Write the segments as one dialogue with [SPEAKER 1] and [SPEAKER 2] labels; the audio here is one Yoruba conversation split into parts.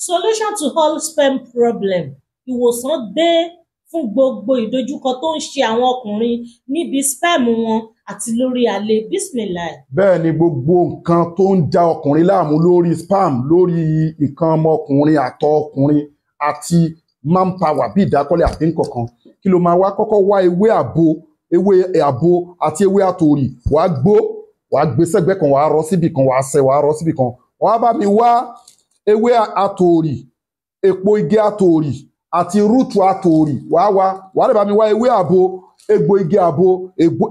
[SPEAKER 1] solution to all sperm problem ìwòsàn dé fún gbogbo ìdojúkọ tó ń ṣe àwọn ọkùnrin níbi sperm wọn àti lórí alẹ bismillah. bẹ́ẹ̀ ni gbogbo nǹkan tó ń já ọkùnrin láàmú lórí sperm lórí nǹkan ọmọkùnrin àtọ̀ ọkùnrin àti manpower bí ìdákọ́lẹ̀ àti nǹkankan kí ló máa wá kọ́kọ́ wá ewé àbo ewé àbo àti ewé àtòrì wàá gbó wàá gbé sẹ́gbẹ́ kan wàá rọ síbì kan wàá sẹ́ wàá rọ síbì kan wàá bá mi wá ewé àtòòrì èpo igi àtòòrì àti rúùtù àtòòrì wàá wa wàá lè bá mi wá ewé àbo egbò igi àbo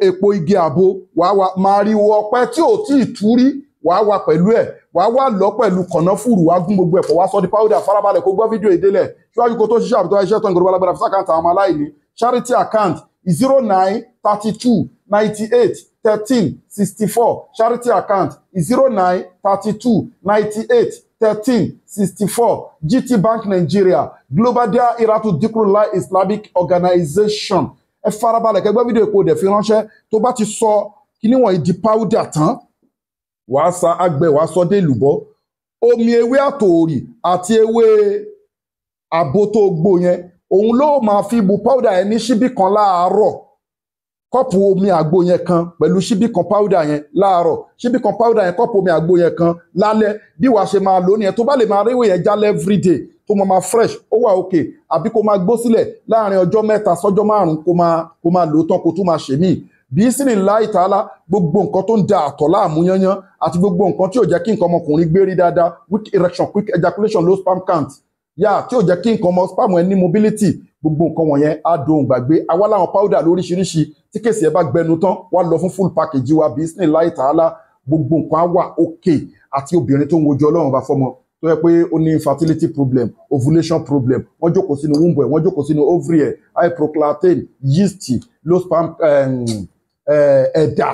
[SPEAKER 1] èpo igi àbo wàá wa màrìwò ọ̀pẹ tí ò tí ì tú rí wàá wa pẹ̀lú ẹ̀ wàá wà lọ pẹ̀lú kànáfùrù wàá gún gbogbo ẹ̀fọ́ wàá sọ di páwọ́dà farabalẹ̀ kó gbọ́ fídíò ìdílẹ̀ síwájú kó tó ṣiṣẹ́ àbútọ́ iṣẹ́ tó gbọ́dọ̀ gbọ́dọ̀ fisa àkáǹtì ọmọ aláìní charity account zero nine thirty two ninety eight thirteen sixty four charity account zero nine thirty two ninety eight thirteen sixty four GT Bank Nigeria Global Dahiratu Dhikrlahi Islamic Organization ẹ farabalẹ̀ kẹgbẹ́ fídíò èpo dẹ̀ fi ránṣẹ́ tó bá ti sọ kíní wọ̀nyí di powder tán wàá sa agbẹ̀ wàá sọ dé ìlúbọ́ omi ewé àtòòrì àti ewé àbótó gbò yẹn òun ló máa fi bu powder ẹ ní ṣíbí kan láàárọ̀ kọ́ọ̀pù omi àgbo yẹn kan pẹ̀lú ṣíbí kan powder yẹn láàárọ̀ ṣíbí kan powder yẹn kọ́ọ̀pù omi àgbo yẹn kan lálẹ́ bí wàá ṣe máa lò nìyẹn tó bá lè máa ríwò yẹn jálẹ̀ everyday tó máa máa fresh ó wà okay àbí kó máa gbó sílẹ̀ láàrin ọjọ́ mẹ́ta sọ́jọ́ márùn kó máa kó máa lò ó tán kó tún máa ṣe míì bí sínú ńlá ìtaala gbogbo nǹkan tó ń da àtọ̀ láàmú yányán àti gbogbo nǹkan tí ò jẹ́ kí nǹkan ọmọkùnrin gbé rí dáadáa weak erection quick ejaculation low sperm count yá tí ò jẹ́ kí nǹkan ọmọ sperm ẹ ní mobility gbogbo nǹkan wọ̀nyẹn á dohun gbàgbé àwa láwọn powder lóríṣiríṣi tí kèsì ẹ bá gbẹnu tán wá lọ fún full package wa bismillah ta'ala gbogbo nǹkan á wà òkè àti obìnrin tó ń wojú ọlọ́run bá fọmọ tó yẹ pé ó ní infertility problem ovulation problem wọ́n jókòó sínú wombo ẹ̀ wọ́n jókòó sínú ovary ẹ̀ hyproclatin yeast losperm ẹ̀dà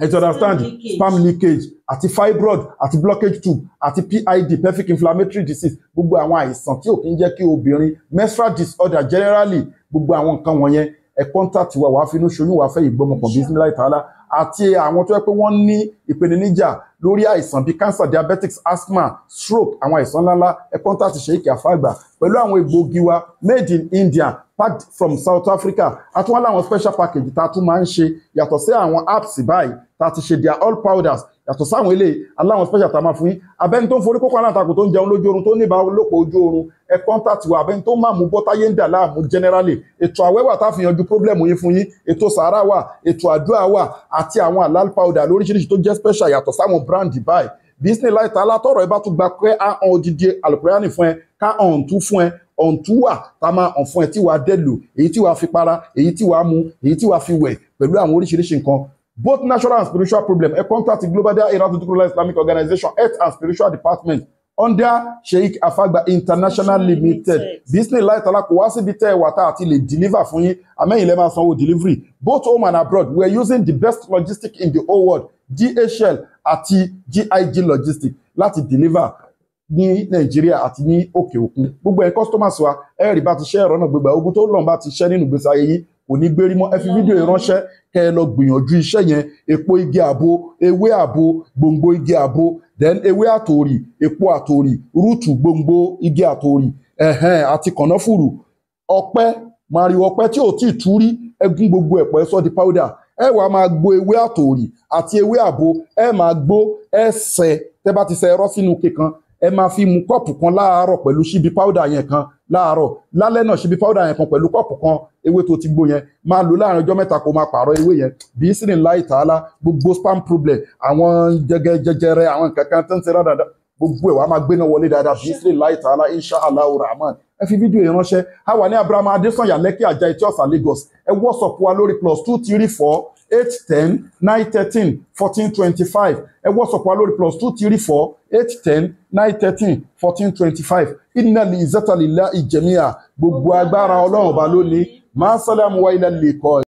[SPEAKER 1] ẹ ti understand spam leakage àti fibroid àti blockage tube àti PID perfect inflammatory disease gbogbo àwọn àìsàn tí ò kí ń jẹ́ kí obìnrin menstrual disorder generally gbogbo àwọn nǹkan wọ̀nyẹn ẹ contact wa wàá finú ṣoyún wàá fẹ́ ìgbọ́mọkàn bisimilayi taala àti àwọn tó yẹ pé wọ́n ní ìpèníjà lórí àìsàn bíi cancer diabetics asthma stroke àwọn àìsàn ńláńlá ẹ contact Sheikh Alfa Agba pẹ̀lú àwọn egbòogi wa made in India packed from South Africa àtúwọ́n láwọn special package tá a tún máa ń ṣe yàtọ̀ sí àwọn apps báyìí tá a ti ṣe their all powders yàtọ̀ sáwọn ilé aláwọn special tá a máa fún yín abẹ́ni tó ń forí kókó aláǹtakùn tó ń jẹun lójú oorun tó ní ìbá lòpọ̀ ojú oorun ẹ kọ́ńtàtì wa abẹ́ni tó máa mú bọ́tá yé ń dà láàmú generally ètò àwẹ̀ wà tá a fi yanjú problem yín fún yín ètò sàárà wà ètò àdúrà wà àti àwọn àlàl powder lóríṣiríṣi tó jẹ́ special yàtọ̀ sáwọn brand báyìí Bismillah ta'ala tọrọ ẹ bá tún gba pé a hàn odidi àlùkùránì fún ẹ ká hàn tún fún ẹ ọ̀hún tún wà tá a máa hàn fún ẹ e tí wàá dẹ́lò èyí tí wàá fi para èyí tí wàá mu èyí tí wàá fi wẹ̀ pẹ̀lú àwọn oríṣiríṣi nǹkan both national and spiritual problem A contact the global dahiratu dhikrlahi islamic organization health and spiritual department under sheikh afagba international limited bisimilayi tala kò wá síbi tẹ́ ẹ wà tá àti lè deliver fún yín amẹ́yìn lẹ́ máa sanwó delivery both home and abroad we are using the best logistics in the whole world dhl àti gig logistics láti deliver ní nàìjíríà àti ní òkè òkun gbogbo ẹ̀ customers wa ẹ rí bá ti ṣe ẹ̀rọ náà gbogbo ogun tó lọ́n bá ti ṣe nínú ìgbésí ayé yìí kò ní gbérí mọ́ ẹ fi fídíò ìránṣẹ́ kẹ ẹ lọ gbìyànjú iṣẹ́ yẹn epo igi àbo ewé àbo gbòǹgbò igi àbo then ewé àtòrì epo àtòrì rúùtù gbòǹgbò igi àtòrì ẹ̀hẹ́n àti kànáfùrù ọ̀pẹ màrìwò ọ̀pẹ tí ò tí ì tú rí ẹgún gbogbo ẹ̀pọ̀ ẹ̀sọ́ di powder ẹ wàá máa gbó ewé àtòrì àti ewé àbo ẹ máa gbó ẹ tẹ bá ti sẹ ẹrọ sínú kíkan ẹ máa fi mu kọ́ọ̀pù kan láàárọ̀ pẹ̀lú ṣíbi páódà yẹn kan láàárọ̀ lálẹ́ náà ṣíbi páódà yẹn kan pẹ̀lú kọ́ọ̀pù kan ewé tó ti gbó yẹn máa lò láàrin ọjọ́ mẹ́ta kó máa pààrọ̀ ewé yẹn bí sí ni láì tààlà gbogbo spam problem àwọn jẹgẹ jẹjẹrẹ àwọn nǹkan kan tó ń ṣe rádàdà gbogbo ẹ̀ wàá máa gbéná wọlé dáadáa bí sí láì tààlà insha allah rahman ẹ fi fídíò yìí ránṣẹ́ a wà ní abraham adesanya lẹ́kì àjà etí ọ̀sà lagos ẹ wọ́sọ̀pù wa lórí plus two three four eight ten nine thirteen fourteen twenty five ẹ wọ́sọ̀pù wa lórí plus two three four eight ten nine thirteen fourteen twenty five ìnàlì ìzẹ́tàlélá ìjẹ̀míà gbogbo agbára ọlọ́run ọba lónìí máa ń sálẹ̀ àmúwá ilẹ̀ kọ́